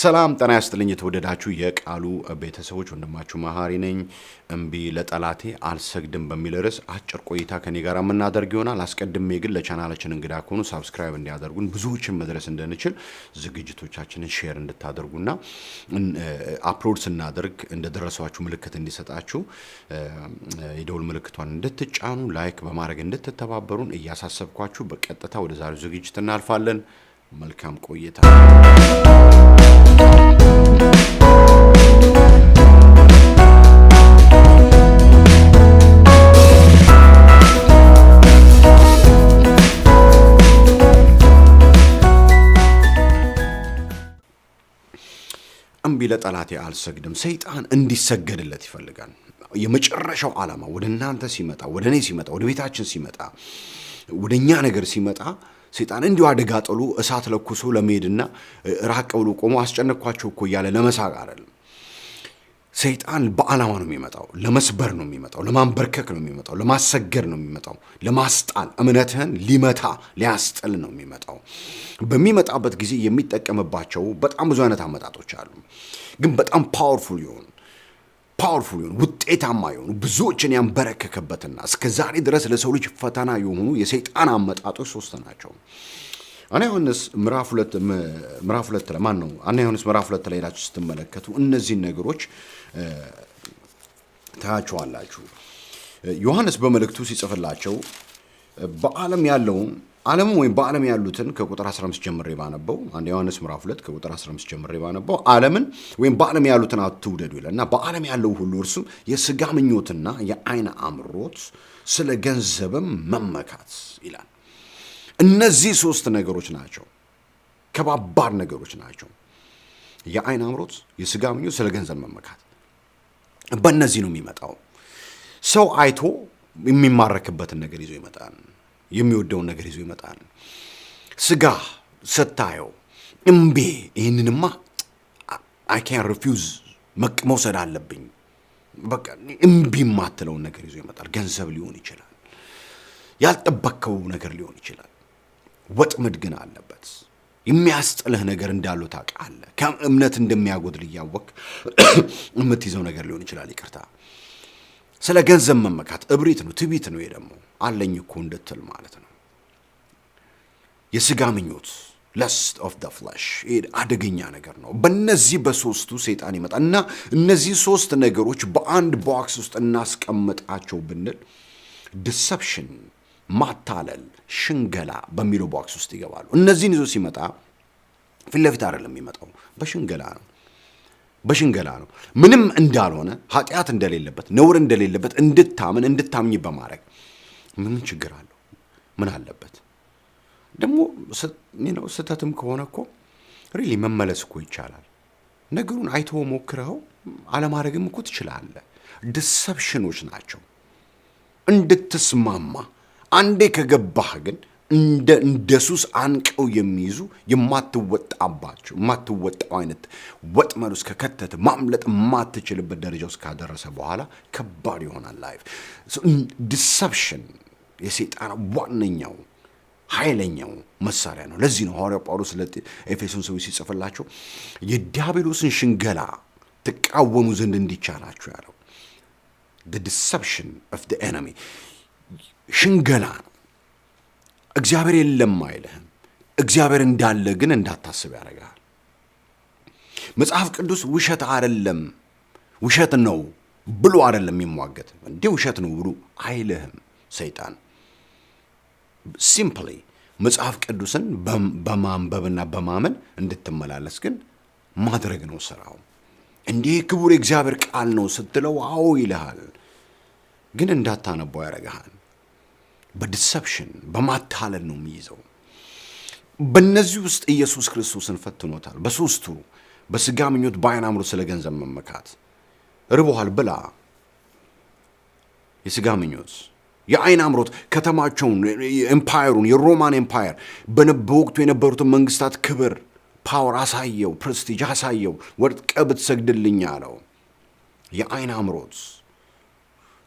ሰላም ጠና ያስጥልኝ። የተወደዳችሁ የቃሉ ቤተሰቦች ወንድማችሁ መሀሪ ነኝ። እምቢ ለጠላቴ አልሰግድም በሚል ርዕስ አጭር ቆይታ ከኔ ጋር የምናደርግ ይሆናል። አስቀድሜ ግን ለቻናላችን እንግዳ ከሆኑ ሳብስክራይብ እንዲያደርጉን ብዙዎችን መድረስ እንድንችል ዝግጅቶቻችንን ሼር እንድታደርጉና አፕሎድ ስናደርግ እንደደረሷችሁ ምልክት እንዲሰጣችሁ የደውል ምልክቷን እንድትጫኑ ላይክ በማድረግ እንድትተባበሩን እያሳሰብኳችሁ በቀጥታ ወደ ዛሬው ዝግጅት እናልፋለን። መልካም ቆይታ እምቢ ለጠላቴ አልሰግድም። ሰይጣን እንዲሰገድለት ይፈልጋል። የመጨረሻው ዓላማ ወደ እናንተ ሲመጣ፣ ወደ እኔ ሲመጣ፣ ወደ ቤታችን ሲመጣ፣ ወደ እኛ ነገር ሲመጣ ሴጣን እንዲሁ አደጋ ጥሎ እሳት ለኩሶ ለመሄድና ራቅ ብሎ ቆሞ አስጨነቅኳቸው እኮ እያለ ለመሳቅ አይደለም። ሰይጣን በዓላማ ነው የሚመጣው። ለመስበር ነው የሚመጣው። ለማንበርከክ ነው የሚመጣው። ለማሰገር ነው የሚመጣው። ለማስጣል፣ እምነትህን ሊመታ ሊያስጥል ነው የሚመጣው። በሚመጣበት ጊዜ የሚጠቀምባቸው በጣም ብዙ አይነት አመጣጦች አሉ፣ ግን በጣም ፓወርፉል የሆኑ ፓወርፉል የሆኑ ውጤታማ የሆኑ ብዙዎችን ያንበረከከበትና እስከ ዛሬ ድረስ ለሰው ልጅ ፈተና የሆኑ የሰይጣን አመጣጦች ሶስት ናቸው። አና ዮሐንስ ምዕራፍ ሁለት ላይ ማን ነው? አና ዮሐንስ ምዕራፍ ሁለት ላይ ሄዳችሁ ስትመለከቱ እነዚህን ነገሮች ታያችኋላችሁ። ዮሐንስ በመልእክቱ ሲጽፍላቸው በዓለም ያለውን ዓለሙ ወይም በዓለም ያሉትን ከቁጥር 15 ጀምሬ ባነበው አንድ ዮሐንስ ምዕራፍ 2 ከቁጥር 15 ጀምሬ ባነበው ዓለምን ወይም በዓለም ያሉትን አትውደዱ ይላል እና በዓለም ያለው ሁሉ እርሱ የስጋ ምኞትና የአይን አምሮት፣ ስለ ገንዘብም መመካት ይላል። እነዚህ ሶስት ነገሮች ናቸው፣ ከባባድ ነገሮች ናቸው። የአይን አምሮት፣ የስጋ ምኞት፣ ስለ ገንዘብ መመካት። በእነዚህ ነው የሚመጣው ሰው አይቶ የሚማረክበትን ነገር ይዞ ይመጣል። የሚወደውን ነገር ይዞ ይመጣል። ስጋ ስታየው እምቤ፣ ይህንንማ አይ ካን ሪፊውዝ መውሰድ አለብኝ በቃ እምቢ የማትለውን ነገር ይዞ ይመጣል። ገንዘብ ሊሆን ይችላል፣ ያልጠበከው ነገር ሊሆን ይችላል። ወጥመድ ግን አለበት። የሚያስጥልህ ነገር እንዳለው ታውቃለህ። ከእምነት እንደሚያጎድል እያወቅ የምትይዘው ነገር ሊሆን ይችላል። ይቅርታ ስለ ገንዘብ መመካት እብሪት ነው፣ ትቢት ነው። ደግሞ አለኝ እኮ እንድትል ማለት ነው። የስጋ ምኞት ለስት ኦፍ ደ ፍላሽ አደገኛ ነገር ነው። በነዚህ በሶስቱ ሰይጣን ይመጣል እና እነዚህ ሶስት ነገሮች በአንድ ቦክስ ውስጥ እናስቀምጣቸው ብንል ዲሰፕሽን፣ ማታለል፣ ሽንገላ በሚለው ቦክስ ውስጥ ይገባሉ። እነዚህን ይዞ ሲመጣ ፊት ለፊት አይደለም የሚመጣው፣ በሽንገላ ነው። በሽንገላ ነው። ምንም እንዳልሆነ ኃጢአት እንደሌለበት ነውር እንደሌለበት እንድታምን እንድታምኝ በማድረግ ምን ችግር አለው? ምን አለበት ደግሞ ነው። ስህተትም ከሆነ እኮ ሪሊ መመለስ እኮ ይቻላል። ነገሩን አይቶ ሞክረኸው አለማድረግም እኮ ትችላለህ። ዲሰፕሽኖች ናቸው እንድትስማማ አንዴ ከገባህ ግን እንደ እንደ ሱስ አንቀው የሚይዙ የማትወጣባቸው የማትወጣው አይነት ወጥመድ ውስጥ ከከተት ማምለጥ የማትችልበት ደረጃ ውስጥ ካደረሰ በኋላ ከባድ ይሆናል ላይፍ። ዲሰፕሽን የሴጣን ዋነኛው ኃይለኛው መሳሪያ ነው። ለዚህ ነው ሐዋርያው ጳውሎስ ለኤፌሶን ሰዎች ሲጽፍላቸው የዲያብሎስን ሽንገላ ትቃወሙ ዘንድ እንዲቻላችሁ ያለው ዲሰፕሽን ኦፍ ኤነሚ ሽንገላ ነው። እግዚአብሔር የለም አይልህም። እግዚአብሔር እንዳለ ግን እንዳታስብ ያደርጋል መጽሐፍ ቅዱስ ውሸት አይደለም ውሸት ነው ብሎ አይደለም የሚሟገት። እንዲህ ውሸት ነው ብሎ አይልህም ሰይጣን። ሲምፕሊ መጽሐፍ ቅዱስን በማንበብና በማመን እንድትመላለስ ግን ማድረግ ነው ስራው። እንዲህ ክቡር የእግዚአብሔር ቃል ነው ስትለው አዎ ይልሃል፣ ግን እንዳታነባው ያደርግሃል። በዲሰፕሽን በማታለል ነው የሚይዘው። በእነዚህ ውስጥ ኢየሱስ ክርስቶስን ፈትኖታል። በሶስቱ በስጋ ምኞት፣ በአይን አምሮት፣ ስለ ገንዘብ መመካት። ርቦሃል ብላ፣ የስጋ ምኞት፣ የአይን አምሮት ከተማቸውን፣ ኤምፓየሩን፣ የሮማን ኤምፓየር በወቅቱ የነበሩትን መንግስታት ክብር፣ ፓወር አሳየው፣ ፕሬስቲጅ አሳየው። ወድቀህ ብትሰግድልኝ አለው። የአይን አምሮት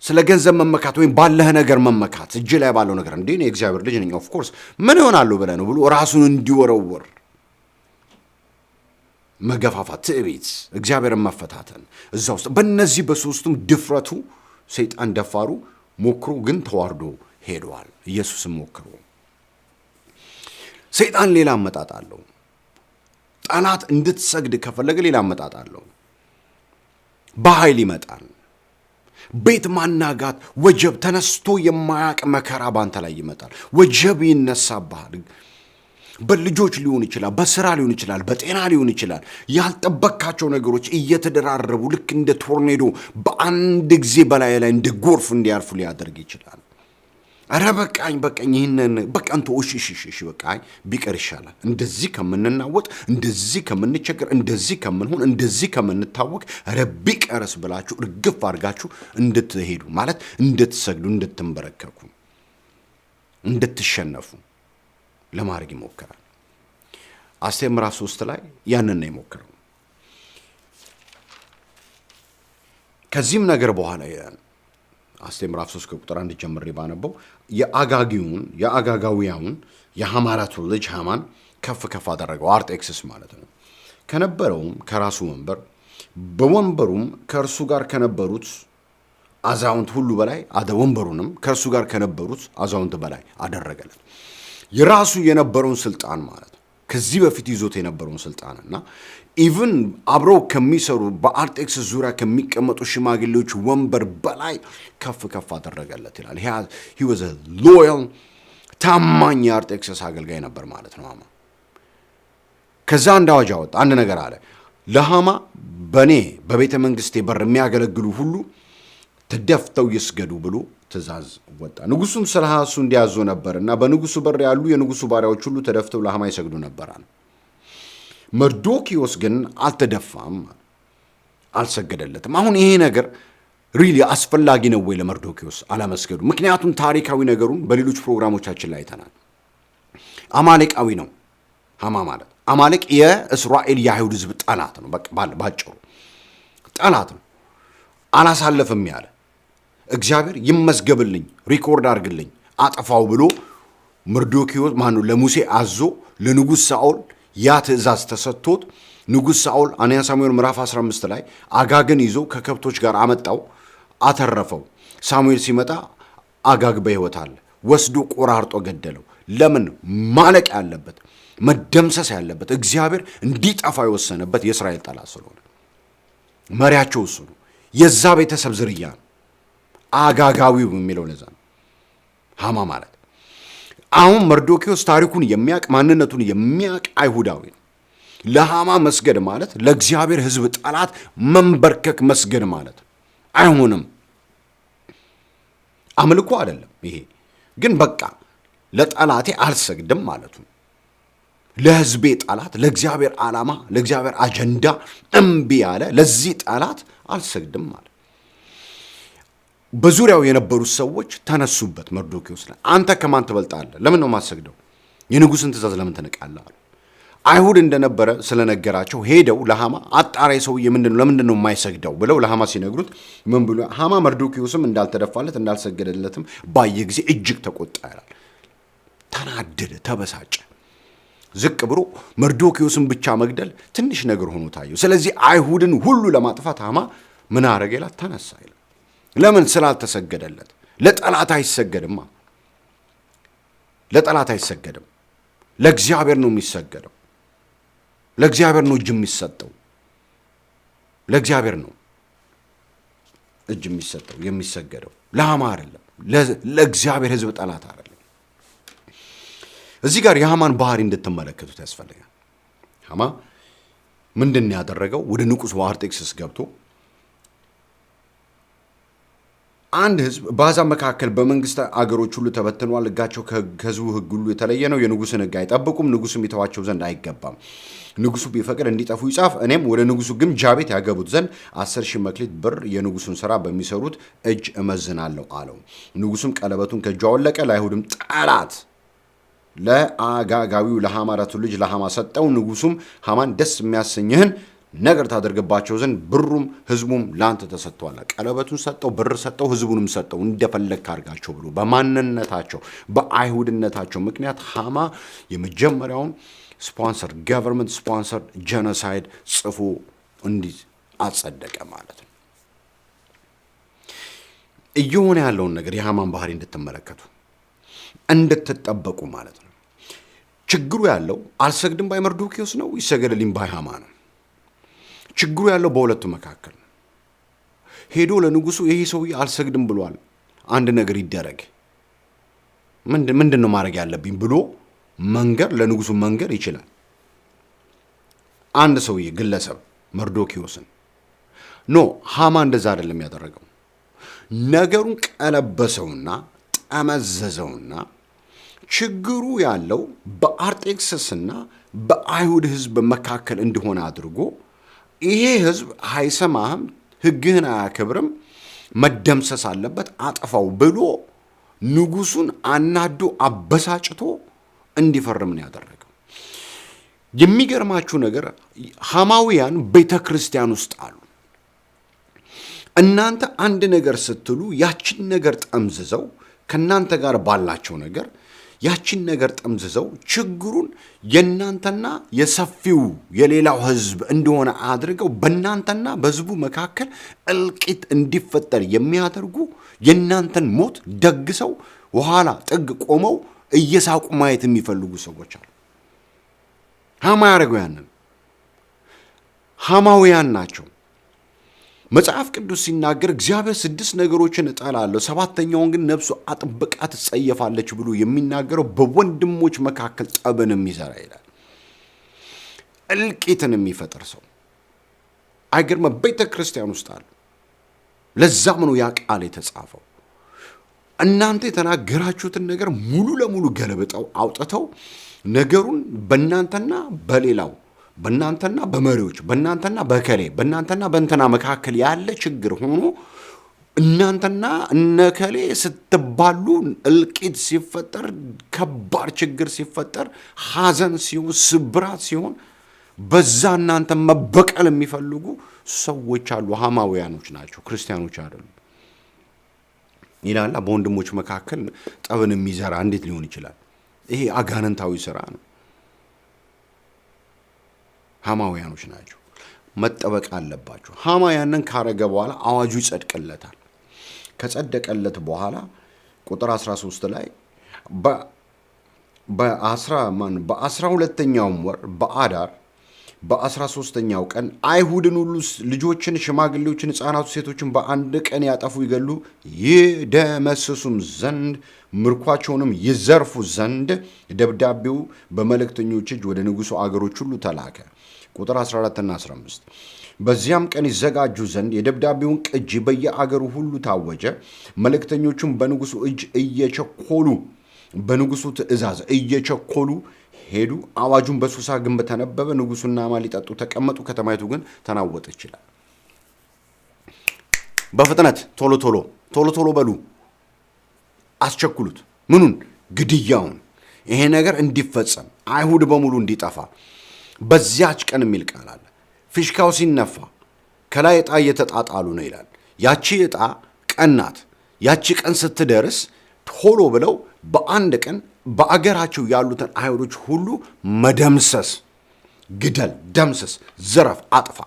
ስለ ገንዘብ መመካት ወይም ባለህ ነገር መመካት እጅ ላይ ባለው ነገር እንዲ የእግዚአብሔር ልጅ ነኝ ኦፍኮርስ ምን ይሆናሉ ብለህ ነው ብሎ ራሱን እንዲወረወር መገፋፋት፣ ትዕቢት፣ እግዚአብሔርን መፈታተን እዛ ውስጥ በእነዚህ በሶስቱም ድፍረቱ ሰይጣን ደፋሩ ሞክሮ ግን ተዋርዶ ሄደዋል። ኢየሱስም ሞክሮ ሰይጣን ሌላ አመጣጥ አለው። ጠላት እንድትሰግድ ከፈለገ ሌላ አመጣጥ አለው። በኃይል ይመጣል። ቤት ማናጋት ወጀብ ተነስቶ የማያቅ መከራ ባንተ ላይ ይመጣል። ወጀብ ይነሳብሃል። በልጆች ሊሆን ይችላል፣ በስራ ሊሆን ይችላል፣ በጤና ሊሆን ይችላል። ያልጠበካቸው ነገሮች እየተደራረቡ ልክ እንደ ቶርኔዶ በአንድ ጊዜ በላይ ላይ እንደ ጎርፍ እንዲያርፉ ሊያደርግ ይችላል። አረ በቃኝ በቃኝ፣ ይህንን በቃ እንቶ እሺ በቃ ቢቀር ይሻላል። እንደዚህ ከምንናወጥ፣ እንደዚህ ከምንቸገር፣ እንደዚህ ከምንሆን፣ እንደዚህ ከምንታወቅ፣ አረ ቢቀርስ ብላችሁ እርግፍ አድርጋችሁ እንድትሄዱ ማለት እንድትሰግዱ፣ እንድትንበረከኩ፣ እንድትሸነፉ ለማድረግ ይሞክራል። አስቴር ምዕራፍ ሶስት ላይ ያንን ነው የሞከረው። ከዚህም ነገር በኋላ ይላል አስቴ ምዕራፍ 3 ከቁጥር አንድ ጀምሬ ባነበው የአጋጊውን የአጋጋዊያውን የሐማራቱ ልጅ ሃማን ከፍ ከፍ አደረገው፣ አርጤክስስ ማለት ነው። ከነበረውም ከራሱ ወንበር በወንበሩም ከእርሱ ጋር ከነበሩት አዛውንት ሁሉ በላይ ወንበሩንም ከእርሱ ጋር ከነበሩት አዛውንት በላይ አደረገለት። የራሱ የነበረውን ስልጣን ማለት ነው። ከዚህ በፊት ይዞት የነበረውን ስልጣንና ኢቭን አብረው ከሚሰሩ በአርጤክስ ዙሪያ ከሚቀመጡ ሽማግሌዎች ወንበር በላይ ከፍ ከፍ አደረገለት ይላል። ሂ ወዝ ሎያል ታማኝ የአርጤክስስ አገልጋይ ነበር ማለት ነው። ሃማ ከዛ አንድ አዋጅ አወጣ። አንድ ነገር አለ ለሃማ በእኔ በቤተ መንግስቴ በር የሚያገለግሉ ሁሉ ተደፍተው ይስገዱ ብሎ ትእዛዝ ወጣ። ንጉሱም ስለ እንዲያዞ ነበር እና በንጉሱ በር ያሉ የንጉሱ ባሪያዎች ሁሉ ተደፍተው ለሃማ ይሰግዱ ነበራል። መርዶኪዎስ ግን አልተደፋም፣ አልሰገደለትም። አሁን ይሄ ነገር ሪሊ አስፈላጊ ነው ወይ ለመርዶኪዎስ አለመስገዱ? ምክንያቱም ታሪካዊ ነገሩን በሌሎች ፕሮግራሞቻችን ላይ አይተናል። አማሌቃዊ ነው ሐማ ማለት። አማሌቅ የእስራኤል የአይሁድ ህዝብ ጠላት ነው። ባጭሩ ጠላት ነው። አላሳለፍም ያለ እግዚአብሔር ይመስገብልኝ፣ ሪኮርድ አድርግልኝ፣ አጠፋው ብሎ መርዶኪዎስ ማነው ለሙሴ አዞ ለንጉሥ ሳኦል ያ ትእዛዝ ተሰጥቶት ንጉሥ ሳኦል አንያ ሳሙኤል ምዕራፍ 15 ላይ አጋግን ይዞ ከከብቶች ጋር አመጣው፣ አተረፈው። ሳሙኤል ሲመጣ አጋግ በሕይወት አለ። ወስዶ ቆራርጦ ገደለው። ለምን? ማለቅ ያለበት መደምሰስ ያለበት እግዚአብሔር እንዲጠፋ የወሰነበት የእስራኤል ጠላት ስለሆነ መሪያቸው እሱ ነው። የዛ ቤተሰብ ዝርያ ነው። አጋጋዊው የሚለው ለዛ ነው ሃማ ማለት አሁን መርዶኪዎስ ታሪኩን የሚያቅ ማንነቱን የሚያቅ አይሁዳዊ ነው። ለሃማ መስገድ ማለት ለእግዚአብሔር ሕዝብ ጠላት መንበርከክ መስገድ ማለት አይሆንም። አምልኮ አይደለም ይሄ ግን በቃ ለጠላቴ አልሰግድም ማለቱ ለህዝቤ ጠላት ለእግዚአብሔር ዓላማ ለእግዚአብሔር አጀንዳ እምቢ ያለ ለዚህ ጠላት አልሰግድም ማለት በዙሪያው የነበሩ ሰዎች ተነሱበት። መርዶኪዎስ ላይ አንተ ከማን ትበልጣለህ? ለምን ነው ማሰግደው? የንጉሥን ትእዛዝ ለምን ትንቃለህ? አሉ። አይሁድ እንደነበረ ስለነገራቸው ሄደው ለሃማ አጣራይ ሰው ምንድን ነው ለምንድን ነው የማይሰግደው ብለው ለሃማ ሲነግሩት ምን ብሎ ሃማ መርዶኪዎስም እንዳልተደፋለት እንዳልሰገደለትም ባየ ጊዜ እጅግ ተቆጣ ይላል። ተናደደ፣ ተበሳጨ። ዝቅ ብሎ መርዶኪዎስን ብቻ መግደል ትንሽ ነገር ሆኖ ታየው። ስለዚህ አይሁድን ሁሉ ለማጥፋት ሃማ ምን አረገ ይላል? ተነሳ ይላል። ለምን ስላልተሰገደለት? ለጠላት አይሰገድማ። ለጠላት አይሰገድም። ለእግዚአብሔር ነው የሚሰገደው። ለእግዚአብሔር ነው እጅ የሚሰጠው። ለእግዚአብሔር ነው እጅ የሚሰጠው የሚሰገደው፣ ለሃማ አይደለም። ለእግዚአብሔር ህዝብ ጠላት አይደለም። እዚህ ጋር የሃማን ባህሪ እንድትመለከቱት ያስፈልጋል። ሃማ ምንድን ያደረገው ወደ ንቁስ ዋርጤክስስ ገብቶ አንድ ህዝብ በአሕዛብ መካከል በመንግስት አገሮች ሁሉ ተበትኗል። ህጋቸው ከህዝቡ ህግ ሁሉ የተለየ ነው። የንጉስን ህግ አይጠብቁም። ንጉስም ይተዋቸው ዘንድ አይገባም። ንጉሱ ቢፈቅድ እንዲጠፉ ይጻፍ። እኔም ወደ ንጉሱ ግምጃ ቤት ያገቡት ዘንድ አስር ሺህ መክሊት ብር የንጉሱን ስራ በሚሰሩት እጅ እመዝናለሁ አለው። ንጉሱም ቀለበቱን ከእጁ አወለቀ። ለአይሁድም ጠላት ለአጋጋቢው ለሃማራቱ ልጅ ለሃማ ሰጠው። ንጉሱም ሃማን ደስ የሚያሰኝህን ነገር ታደርግባቸው ዘንድ ብሩም ህዝቡም ላንተ ተሰጥቷል። ቀለበቱን ሰጠው፣ ብር ሰጠው፣ ህዝቡንም ሰጠው እንደፈለግ ካርጋቸው ብሎ በማንነታቸው በአይሁድነታቸው ምክንያት ሐማ የመጀመሪያውን ስፖንሰር ገቨርንመንት ስፖንሰር ጀኖሳይድ ጽፎ እንዲህ አጸደቀ ማለት ነው። እየሆነ ያለውን ነገር የሐማን ባህሪ እንድትመለከቱ እንድትጠበቁ ማለት ነው። ችግሩ ያለው አልሰግድም ባይ መርዶኪዎስ ነው፣ ይሰገድልኝ ባይ ሐማ ነው። ችግሩ ያለው በሁለቱ መካከል ሄዶ ለንጉሱ ይሄ ሰውዬ አልሰግድም ብሏል፣ አንድ ነገር ይደረግ፣ ምንድን ነው ማድረግ ያለብኝ ብሎ መንገር ለንጉሱ መንገር ይችላል። አንድ ሰውዬ ግለሰብ መርዶኪዎስን ኖ ሃማ እንደዛ አይደለም ያደረገው። ነገሩን ቀለበሰውና ጠመዘዘውና ችግሩ ያለው በአርጤክስስና በአይሁድ ሕዝብ መካከል እንደሆነ አድርጎ ይሄ ህዝብ አይሰማህም፣ ህግህን አያከብርም፣ መደምሰስ አለበት፣ አጥፋው ብሎ ንጉሱን አናዶ አበሳጭቶ እንዲፈርም ነው ያደረገው። የሚገርማችሁ ነገር ሐማውያን ቤተ ክርስቲያን ውስጥ አሉ። እናንተ አንድ ነገር ስትሉ ያችን ነገር ጠምዝዘው ከእናንተ ጋር ባላቸው ነገር ያችን ነገር ጠምዝዘው ችግሩን የእናንተና የሰፊው የሌላው ህዝብ እንደሆነ አድርገው በእናንተና በህዝቡ መካከል እልቂት እንዲፈጠር የሚያደርጉ የእናንተን ሞት ደግሰው ኋላ ጥግ ቆመው እየሳቁ ማየት የሚፈልጉ ሰዎች አሉ። ሀማ ያደረገው ያንን ሀማውያን ናቸው። መጽሐፍ ቅዱስ ሲናገር እግዚአብሔር ስድስት ነገሮችን እጠላለሁ ሰባተኛውን ግን ነፍሱ አጥብቃ ትጸየፋለች ብሎ የሚናገረው በወንድሞች መካከል ጠብን የሚዘራ ይላል። እልቂትን የሚፈጥር ሰው አይገርመ ቤተ ክርስቲያን ውስጥ አሉ። ለዛም ነው ያ ቃል የተጻፈው። እናንተ የተናገራችሁትን ነገር ሙሉ ለሙሉ ገለብጠው አውጥተው ነገሩን በእናንተና በሌላው በእናንተና በመሪዎች በእናንተና በከሌ በእናንተና በእንትና መካከል ያለ ችግር ሆኖ እናንተና እነከሌ ስትባሉ እልቂት ሲፈጠር፣ ከባድ ችግር ሲፈጠር፣ ሐዘን ሲሆን፣ ስብራት ሲሆን በዛ እናንተ መበቀል የሚፈልጉ ሰዎች አሉ። ሀማውያኖች ናቸው፣ ክርስቲያኖች አይደሉም ይላላ። በወንድሞች መካከል ጠብን የሚዘራ እንዴት ሊሆን ይችላል? ይሄ አጋንንታዊ ስራ ነው። ሐማውያኖች ናቸው። መጠበቅ አለባቸው። ሐማ ያንን ካረገ በኋላ አዋጁ ይጸድቅለታል። ከጸደቀለት በኋላ ቁጥር 13 ላይ በአስራ ሁለተኛውም ወር በአዳር በአስራ ሦስተኛው ቀን አይሁድን ሁሉ ልጆችን፣ ሽማግሌዎችን፣ ህፃናቱ፣ ሴቶችን በአንድ ቀን ያጠፉ፣ ይገሉ፣ ይደመስሱም ዘንድ ምርኳቸውንም ይዘርፉ ዘንድ ደብዳቤው በመልእክተኞች እጅ ወደ ንጉሡ አገሮች ሁሉ ተላከ። ቁጥር 14 እና 15 በዚያም ቀን ይዘጋጁ ዘንድ የደብዳቤውን ቅጂ በየአገሩ ሁሉ ታወጀ። መልእክተኞቹም በንጉሱ እጅ እየቸኮሉ በንጉሱ ትእዛዝ እየቸኮሉ ሄዱ። አዋጁን በሱሳ ግንብ ተነበበ። ንጉሱና ማ ሊጠጡ ተቀመጡ። ከተማይቱ ግን ተናወጥ ይችላል። በፍጥነት ቶሎ ቶሎ ቶሎ ቶሎ በሉ፣ አስቸኩሉት። ምኑን? ግድያውን። ይሄ ነገር እንዲፈጸም አይሁድ በሙሉ እንዲጠፋ በዚያች ቀን የሚል ቃል አለ። ፊሽካው ሲነፋ ከላይ ዕጣ እየተጣጣሉ ነው ይላል። ያቺ ዕጣ ቀን ናት። ያቺ ቀን ስትደርስ ቶሎ ብለው በአንድ ቀን በአገራቸው ያሉትን አይሁዶች ሁሉ መደምሰስ፣ ግደል፣ ደምሰስ፣ ዘረፍ፣ አጥፋ፣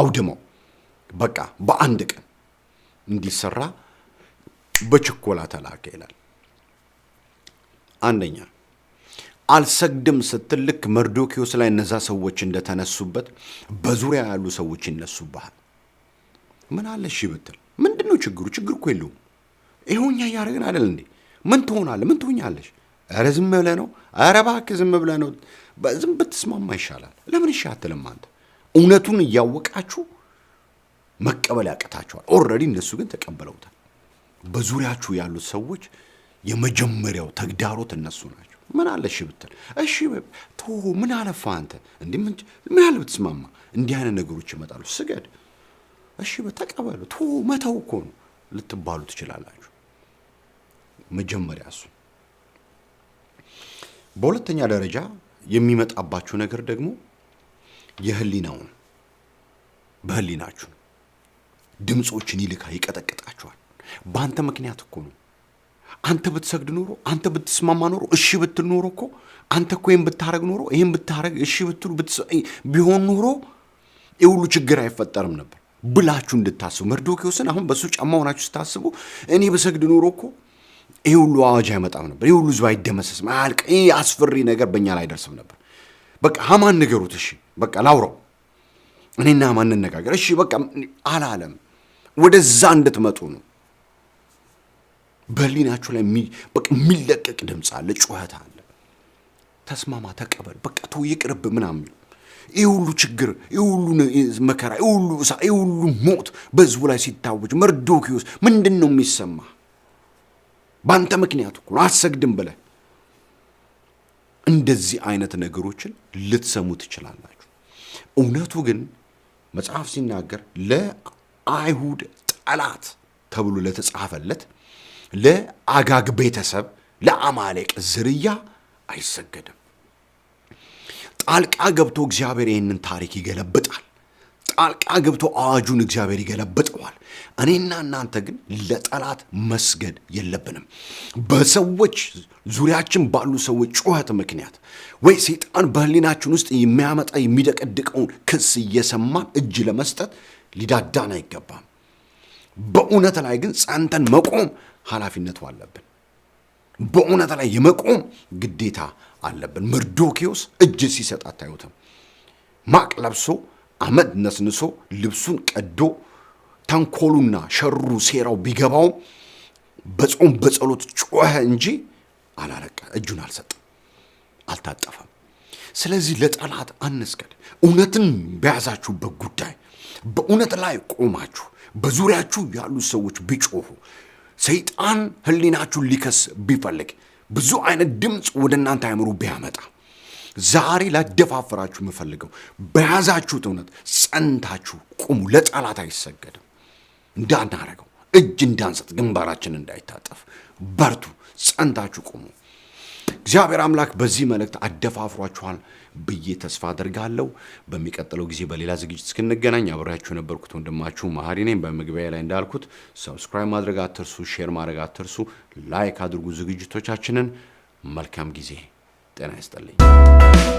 አውድመው በቃ በአንድ ቀን እንዲሰራ በችኮላ ተላከ ይላል። አንደኛ አልሰግድም ስትል ልክ መርዶኪዎስ ላይ እነዛ ሰዎች እንደተነሱበት በዙሪያ ያሉ ሰዎች ይነሱብሃል። ምን አለ እሺ ብትል ምንድን ነው ችግሩ? ችግር እኮ የለውም። ይሁኛ እያደረግን አይደል እንዴ? ምን ትሆናለህ? ምን ትሆኛለሽ? ኧረ ዝም ብለህ ነው? ኧረ እባክህ ዝም ብለህ ነው? ዝም ብትስማማ ይሻላል። ለምን እሺ አትልም አንተ? እውነቱን እያወቃችሁ መቀበል ያቅታችኋል። ኦልሬዲ እነሱ ግን ተቀበለውታል። በዙሪያችሁ ያሉት ሰዎች የመጀመሪያው ተግዳሮት እነሱ ናቸው። ምን አለ እሺ ብትል እሺ ቶ ምን አለፋ አንተ እንዲህ ምን ያለ ብትስማማ፣ እንዲህ አይነት ነገሮች ይመጣሉ። ስገድ እሺ በተቀበሉ ቶ መተው እኮ ነው ልትባሉ ትችላላችሁ። መጀመሪያ እሱ በሁለተኛ ደረጃ የሚመጣባችሁ ነገር ደግሞ የህሊናውን በህሊናችሁ ድምፆችን ይልካ ይቀጠቅጣችኋል። በአንተ ምክንያት እኮ ነው አንተ ብትሰግድ ኖሮ አንተ ብትስማማ ኖሮ እሺ ብትል ኖሮ እኮ አንተ እኮ ይህን ብታረግ ኖሮ ይህን ብታረግ እሺ ብትሉ ቢሆን ኖሮ ይህ ችግር አይፈጠርም ነበር ብላችሁ እንድታስቡ መርዶኪዎስን አሁን በእሱ ጫማ ሆናችሁ ስታስቡ እኔ ብሰግድ ኖሮ እኮ ይህ ሁሉ አዋጅ አይመጣም ነበር፣ ይህ ሁሉ ህዝብ አይደመሰስም፣ አያልቅ፣ ይህ አስፈሪ ነገር በእኛ ላይ አይደርስም ነበር። በቃ ሀማን ንገሩት፣ እሺ በቃ ላውራው፣ እኔና ሀማን እንነጋገር፣ እሺ በቃ አላለም። ወደዛ እንድትመጡ ነው በህሊናችሁ ላይ የሚለቀቅ ድምፅ አለ፣ ጩኸት አለ። ተስማማ፣ ተቀበል፣ በቃ ተው፣ ይቅርብ ምናምን። ይህ ሁሉ ችግር፣ ይህ ሁሉ መከራ፣ ይህ ሁሉ እሳ፣ ይህ ሁሉ ሞት በህዝቡ ላይ ሲታወጅ መርዶኪዎስ ምንድን ነው የሚሰማ? በአንተ ምክንያት እኮ አትሰግድም ብለህ እንደዚህ አይነት ነገሮችን ልትሰሙ ትችላላችሁ። እውነቱ ግን መጽሐፍ ሲናገር ለአይሁድ ጠላት ተብሎ ለተጻፈለት ለአጋግ ቤተሰብ ለአማሌቅ ዝርያ አይሰገድም። ጣልቃ ገብቶ እግዚአብሔር ይህንን ታሪክ ይገለብጣል። ጣልቃ ገብቶ አዋጁን እግዚአብሔር ይገለብጠዋል። እኔና እናንተ ግን ለጠላት መስገድ የለብንም። በሰዎች ዙሪያችን ባሉ ሰዎች ጩኸት ምክንያት ወይ ሰይጣን በህሊናችን ውስጥ የሚያመጣ የሚደቀድቀውን ክስ እየሰማን እጅ ለመስጠት ሊዳዳን አይገባም። በእውነት ላይ ግን ጸንተን መቆም ኃላፊነቱ አለብን። በእውነት ላይ የመቆም ግዴታ አለብን። መርዶኪዎስ እጅ ሲሰጥ አታዩትም? ማቅ ለብሶ አመድ ነስንሶ ልብሱን ቀዶ ተንኮሉና ሸሩ ሴራው ቢገባውም በጾም በጸሎት ጮኸ እንጂ አላለቀ። እጁን አልሰጠም፣ አልታጠፈም። ስለዚህ ለጠላት አንስገድ። እውነትን በያዛችሁበት ጉዳይ በእውነት ላይ ቆማችሁ በዙሪያችሁ ያሉ ሰዎች ቢጮሁ ሰይጣን ህሊናችሁን ሊከስ ቢፈልግ ብዙ አይነት ድምፅ ወደ እናንተ አይምሩ ቢያመጣ ዛሬ ላደፋፍራችሁ የምፈልገው በያዛችሁት እውነት ጸንታችሁ ቁሙ። ለጠላት አይሰገድም እንዳናረገው እጅ እንዳንሰጥ ግንባራችን እንዳይታጠፍ በርቱ፣ ጸንታችሁ ቁሙ። እግዚአብሔር አምላክ በዚህ መልእክት አደፋፍሯችኋል ብዬ ተስፋ አድርጋለሁ። በሚቀጥለው ጊዜ በሌላ ዝግጅት እስክንገናኝ አብሬያችሁ የነበርኩት ወንድማችሁ መሀሪ ነኝ። በመግቢያ ላይ እንዳልኩት ሰብስክራይብ ማድረግ አትርሱ፣ ሼር ማድረግ አትርሱ፣ ላይክ አድርጉ ዝግጅቶቻችንን። መልካም ጊዜ። ጤና ይስጥልኝ።